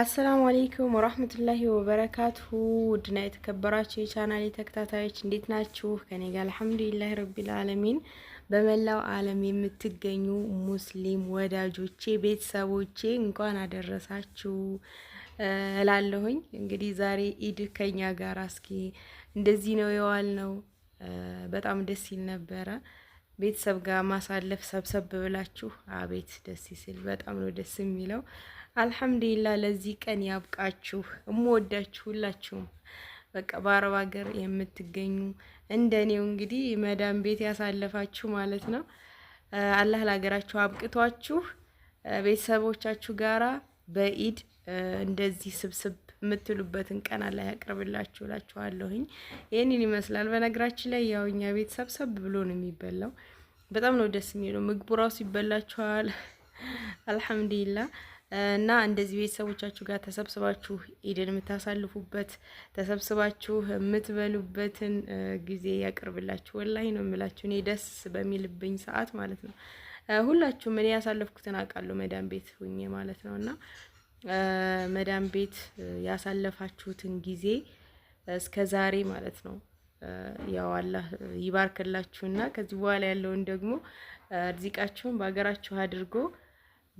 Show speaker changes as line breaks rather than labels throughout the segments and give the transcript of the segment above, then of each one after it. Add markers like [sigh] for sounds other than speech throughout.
አሰላሙ አሌይኩም ወራህመቱላሂ ወበረካቱሁ ውድና የተከበራችሁ የቻናሌ ተከታታዮች እንዴት ናችሁ? ከኔ ጋር አልሐምዱሊላህ ረቢል አለሚን። በመላው ዓለም የምትገኙ ሙስሊም ወዳጆቼ፣ ቤተሰቦቼ እንኳን አደረሳችሁ እላለሁኝ። እንግዲህ ዛሬ ኢድ ከኛ ጋር እስኪ እንደዚህ ነው የዋል ነው። በጣም ደስ ይል ነበረ ቤተሰብ ጋር ማሳለፍ ሰብሰብ ብላችሁ። አቤት ደስ ሲል፣ በጣም ነው ደስ የሚለው አልሐምዱሊላ ለዚህ ቀን ያብቃችሁ። እምወዳችሁ ሁላችሁም በቃ በአረብ ሀገር የምትገኙ እንደኔው እንግዲህ መዳም ቤት ያሳለፋችሁ ማለት ነው። አላህ ለሀገራችሁ አብቅቷችሁ ቤተሰቦቻችሁ ጋራ በኢድ እንደዚህ ስብስብ የምትሉበትን ቀን አላህ ያቅርብላችሁ እላችኋለሁኝ። ይህንን ይመስላል። በነገራችን ላይ ያው እኛ ቤት ሰብሰብ ብሎ ነው የሚበላው። በጣም ነው ደስ የሚለው ምግቡ ራሱ ይበላችኋል። አልሐምዱሊላህ እና እንደዚህ ቤተሰቦቻችሁ ጋር ተሰብስባችሁ ኢድን የምታሳልፉበት ተሰብስባችሁ የምትበሉበትን ጊዜ ያቅርብላችሁ። ወላሂ ነው የምላችሁ። እኔ ደስ በሚልብኝ ሰዓት ማለት ነው ሁላችሁም እኔ ያሳለፍኩትን አውቃለሁ፣ መዳም ቤት ሁኜ ማለት ነው እና መዳም ቤት ያሳለፋችሁትን ጊዜ እስከ ዛሬ ማለት ነው ያው አላህ ይባርክላችሁና ከዚህ በኋላ ያለውን ደግሞ ርዚቃችሁን በሀገራችሁ አድርጎ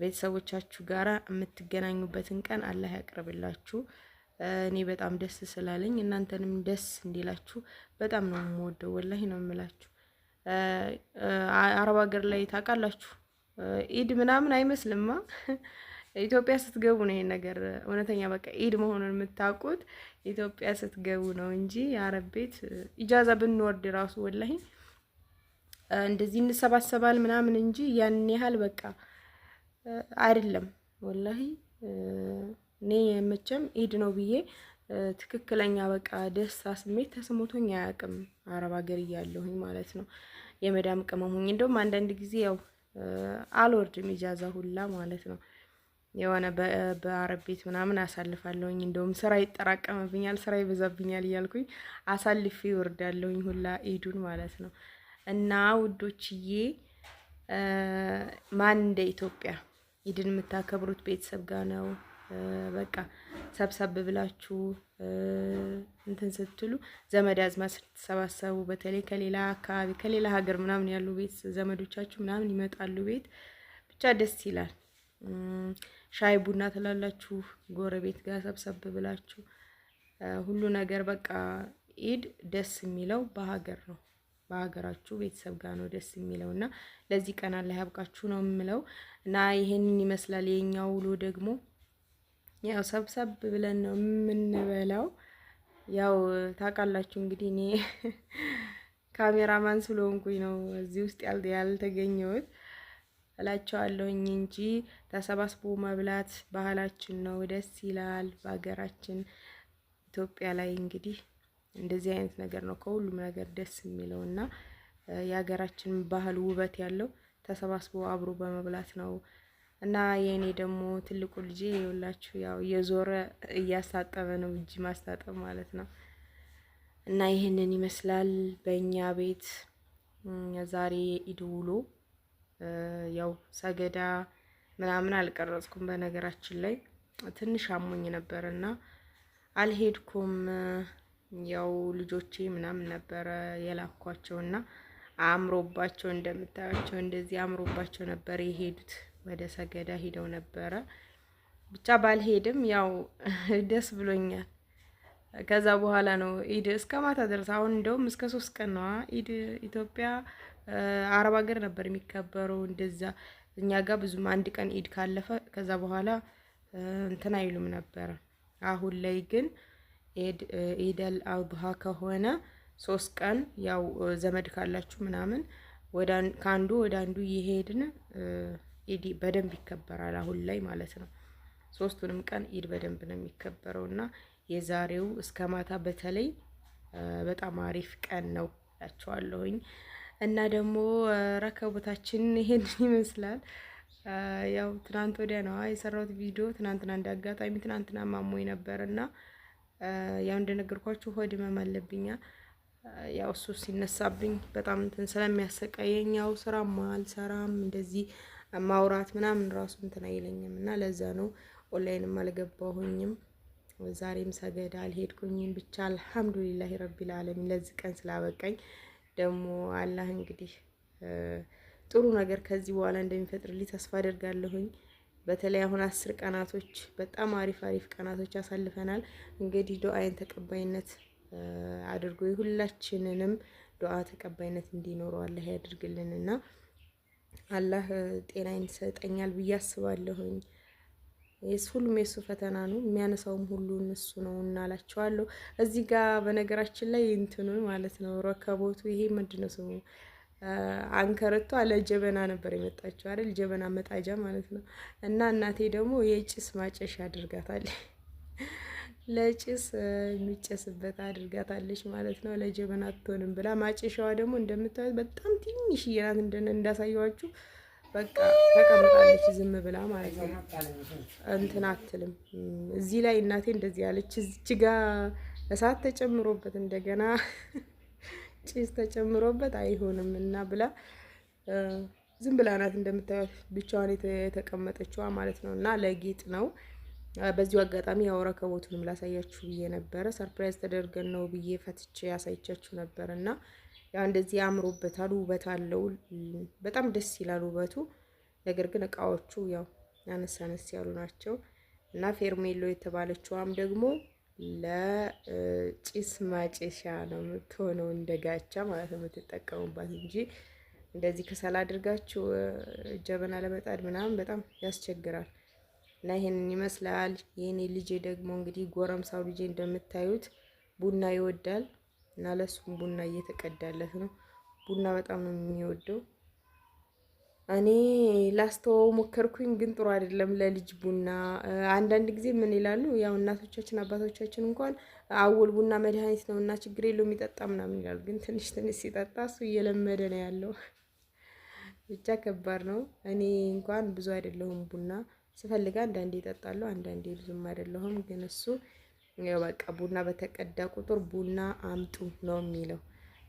ቤተሰቦቻችሁ ጋራ የምትገናኙበትን ቀን አላህ ያቅርብላችሁ። እኔ በጣም ደስ ስላለኝ እናንተንም ደስ እንዲላችሁ በጣም ነው የምወደው። ወላሂ ነው የምላችሁ። አረብ ሀገር ላይ ታውቃላችሁ ኢድ ምናምን አይመስልማ። ኢትዮጵያ ስትገቡ ነው ይሄን ነገር እውነተኛ በቃ ኢድ መሆኑን የምታውቁት ኢትዮጵያ ስትገቡ ነው እንጂ የአረብ ቤት ኢጃዛ ብንወርድ ራሱ ወላሂ እንደዚህ እንሰባሰባል ምናምን እንጂ ያን ያህል በቃ አይደለም። ወላሂ እኔ መቼም ኢድ ነው ብዬ ትክክለኛ በቃ ደስታ ስሜት ተስሞቶኝ አያውቅም። አረብ ሀገር እያለሁኝ ማለት ነው። የመዳም ቅመሙኝ እንደውም አንዳንድ ጊዜ ያው አልወርድም ኢጃዛ ሁላ ማለት ነው። የሆነ በአረብ ቤት ምናምን አሳልፋለሁኝ። እንደውም ስራ ይጠራቀምብኛል፣ ስራ ይበዛብኛል እያልኩኝ አሳልፌ ይወርዳለሁኝ ሁላ ኢዱን ማለት ነው። እና ውዶችዬ ማን እንደ ኢትዮጵያ ኢድን የምታከብሩት ቤተሰብ ጋር ነው። በቃ ሰብሰብ ብላችሁ እንትን ስትሉ ዘመድ አዝማ ስትሰባሰቡ በተለይ ከሌላ አካባቢ ከሌላ ሀገር ምናምን ያሉ ቤት ዘመዶቻችሁ ምናምን ይመጣሉ ቤት ብቻ ደስ ይላል። ሻይ ቡና ትላላችሁ ጎረቤት ጋር ሰብሰብ ብላችሁ ሁሉ ነገር በቃ ኢድ ደስ የሚለው በሀገር ነው። በሀገራችሁ ቤተሰብ ጋር ነው ደስ የሚለው እና ለዚህ ቀን ላይ ያብቃችሁ ነው የምለው እና ይሄንን ይመስላል የኛው ውሎ ደግሞ ያው ሰብሰብ ብለን ነው የምንበላው። ያው ታውቃላችሁ እንግዲህ እኔ [laughs] ካሜራማን ስለሆንኩኝ ነው እዚህ ውስጥ ያልተገኘሁት እላቸዋለሁኝ እንጂ ተሰባስቦ መብላት ባህላችን ነው፣ ደስ ይላል። በሀገራችን ኢትዮጵያ ላይ እንግዲህ እንደዚህ አይነት ነገር ነው ከሁሉም ነገር ደስ የሚለው እና የሀገራችን ባህል ውበት ያለው ተሰባስቦ አብሮ በመብላት ነው እና የእኔ ደግሞ ትልቁ ልጄ የውላችሁ ያው የዞረ እያሳጠበ ነው፣ እጅ ማስታጠብ ማለት ነው። እና ይህንን ይመስላል በእኛ ቤት ዛሬ የኢድ ውሎ። ያው ሰገዳ ምናምን አልቀረጽኩም። በነገራችን ላይ ትንሽ አሞኝ ነበር እና አልሄድኩም። ያው ልጆቼ ምናምን ነበረ የላኳቸው እና አምሮባቸው እንደምታያቸው እንደዚህ አምሮባቸው ነበር የሄዱት። ወደ ሰገዳ ሂደው ነበረ። ብቻ ባልሄድም ያው [laughs] ደስ ብሎኛል። ከዛ በኋላ ነው ኢድ እስከ ማታ ድረስ። አሁን እንደውም እስከ ሶስት ቀን ነዋ ኢድ። ኢትዮጵያ አረብ ሀገር ነበር የሚከበረው እንደዛ። እኛ ጋር ብዙም አንድ ቀን ኢድ ካለፈ ከዛ በኋላ እንትን አይሉም ነበረ። አሁን ላይ ግን ኢደል አብሃ ከሆነ ሶስት ቀን ያው ዘመድ ካላችሁ ምናምን ከአንዱ ወደ አንዱ እየሄድን ኢድ በደንብ ይከበራል አሁን ላይ ማለት ነው። ሶስቱንም ቀን ኢድ በደንብ ነው የሚከበረው እና የዛሬው እስከ ማታ በተለይ በጣም አሪፍ ቀን ነው ላቸዋለሁኝ። እና ደግሞ ረከቦታችን ይሄንን [laughs] ይመስላል። ያው ትናንት ወዲያ ነዋ የሰራሁት ቪዲዮ ትናንትና እንዳጋጣሚ ትናንትና ማሞኝ ነበር እና ያው እንደነገርኳችሁ ሆድ ህመም አለብኛ። ያው እሱ ሲነሳብኝ በጣም እንትን ስለሚያሰቃየኝ ያው ስራም አልሰራም እንደዚህ ማውራት ምናምን ራሱ እንትን አይለኝም እና ለዛ ነው ኦንላይንም አልገባሁኝም። ዛሬም ሰገድ አልሄድኩኝም። ብቻ አልሐምዱሊላህ ረቢል አለሚን ለዚህ ቀን ስላበቃኝ ደግሞ አላህ እንግዲህ ጥሩ ነገር ከዚህ በኋላ እንደሚፈጥርልኝ ተስፋ አደርጋለሁኝ። በተለይ አሁን አስር ቀናቶች በጣም አሪፍ አሪፍ ቀናቶች አሳልፈናል። እንግዲህ ዱአይን ተቀባይነት አድርጎ የሁላችንንም ዱአ ተቀባይነት እንዲኖረው አላህ ያድርግልንና አላህ ጤናዬን ይሰጠኛል ብዬ አስባለሁኝ። ሁሉም የሱ ፈተና ነው የሚያነሳውም ሁሉ እሱ ነው እናላቸዋለሁ። እዚህ ጋር በነገራችን ላይ እንትኑ ማለት ነው ረከቦቱ ይሄ ምንድነው ስሙ አንከረቷ ለጀበና ነበር የመጣችው አይደል? ጀበና መጣጃ ማለት ነው። እና እናቴ ደግሞ የጭስ ማጨሻ አድርጋታለች፣ [laughs] ለጭስ የሚጨስበት አድርጋታለች ማለት ነው። ለጀበና አትሆንም ብላ ማጨሻዋ ደግሞ እንደምታዩት በጣም እየናት እንደነ እንዳሳየዋችሁ በቃ ተቀምጣለች ዝም ብላ ማለት ነው። እንትን አትልም። እዚህ ላይ እናቴ እንደዚህ ያለች፣ እዚች ጋ እሳት ተጨምሮበት እንደገና [laughs] ጭስ ተጨምሮበት አይሆንም እና ብላ ዝም ብላ ናት እንደምታዩት ብቻዋን የተቀመጠችዋ ማለት ነው። እና ለጌጥ ነው። በዚሁ አጋጣሚ ያው ረከቦቱንም ላሳያችሁ ብዬ ነበረ። ሰርፕራይዝ ተደርገን ነው ብዬ ፈትቼ ያሳይቻችሁ ነበር እና ያው እንደዚህ ያምሮበታል፣ ውበት አለው። በጣም ደስ ይላል ውበቱ። ነገር ግን እቃዎቹ ያው አነስ አነስ ያሉ ናቸው እና ፌርሜሎ የተባለችዋም ደግሞ ለ ጭስ ማጨሻ ነው የምትሆነው፣ ጋቻ ማለት ነው የምትጠቀሙባት እንጂ እንደዚህ ከሰል አድርጋችሁ ጀበና ለመጣድ ምናምን በጣም ያስቸግራል። እና ይሄንን ይመስላል። የኔ ልጄ ደግሞ እንግዲህ ጎረምሳው ልጄ እንደምታዩት ቡና ይወዳል እና ለሱም ቡና እየተቀዳለት ነው። ቡና በጣም ነው የሚወደው። እኔ ላስተወው ሞከርኩኝ፣ ግን ጥሩ አይደለም ለልጅ ቡና። አንዳንድ ጊዜ ምን ይላሉ ያው እናቶቻችን አባቶቻችን እንኳን አውል ቡና መድኃኒት ነው እና ችግር የለው የሚጠጣ ምናምን ይላሉ። ግን ትንሽ ትንሽ ሲጠጣ እሱ እየለመደ ነው ያለው። ብቻ ከባድ ነው። እኔ እንኳን ብዙ አይደለሁም ቡና ስፈልግ አንዳንዴ ይጠጣለሁ፣ አንዳንዴ ብዙም አይደለሁም። ግን እሱ በቃ ቡና በተቀዳ ቁጥር ቡና አምጡ ነው የሚለው።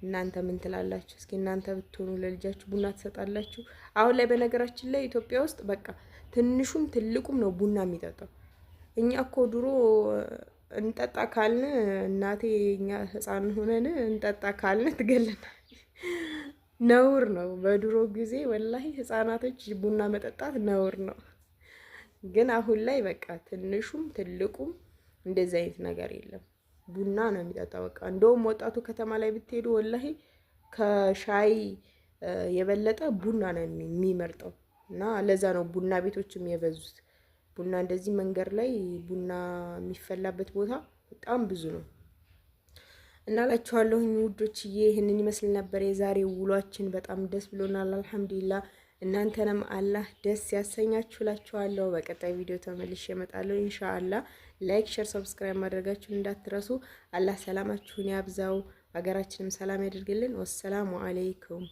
እናንተ ምን ትላላችሁ? እስኪ እናንተ ብትሆኑ ለልጃችሁ ቡና ትሰጣላችሁ? አሁን ላይ በነገራችን ላይ ኢትዮጵያ ውስጥ በቃ ትንሹም ትልቁም ነው ቡና የሚጠጣው። እኛ እኮ ድሮ እንጠጣ ካልን እናቴ እኛ ህፃን ሆነን እንጠጣ ካልን ትገለናል። ነውር ነው። በድሮ ጊዜ ወላሂ ህፃናቶች ቡና መጠጣት ነውር ነው። ግን አሁን ላይ በቃ ትንሹም ትልቁም እንደዚህ አይነት ነገር የለም። ቡና ነው የሚጠጣው በቃ እንደውም ወጣቱ ከተማ ላይ ብትሄዱ ወላሂ ከሻይ የበለጠ ቡና ነው የሚመርጠው። እና ለዛ ነው ቡና ቤቶችም የበዙት። ቡና እንደዚህ መንገድ ላይ ቡና የሚፈላበት ቦታ በጣም ብዙ ነው። እና ላችኋለሁኝ ውዶችዬ፣ ይህንን ይመስል ነበር የዛሬ ውሏችን። በጣም ደስ ብሎናል። አልሐምዱሊላ እናንተንም አላህ ደስ ያሰኛችሁላችኋለሁ። በቀጣይ ቪዲዮ ተመልሼ እመጣለሁ ኢንሻአላህ። ላይክ፣ ሼር፣ ሰብስክራይብ ማድረጋችሁን እንዳትረሱ። አላህ ሰላማችሁን ያብዛው፣ ሀገራችንም ሰላም ያደርግልን። ወሰላሙ አለይኩም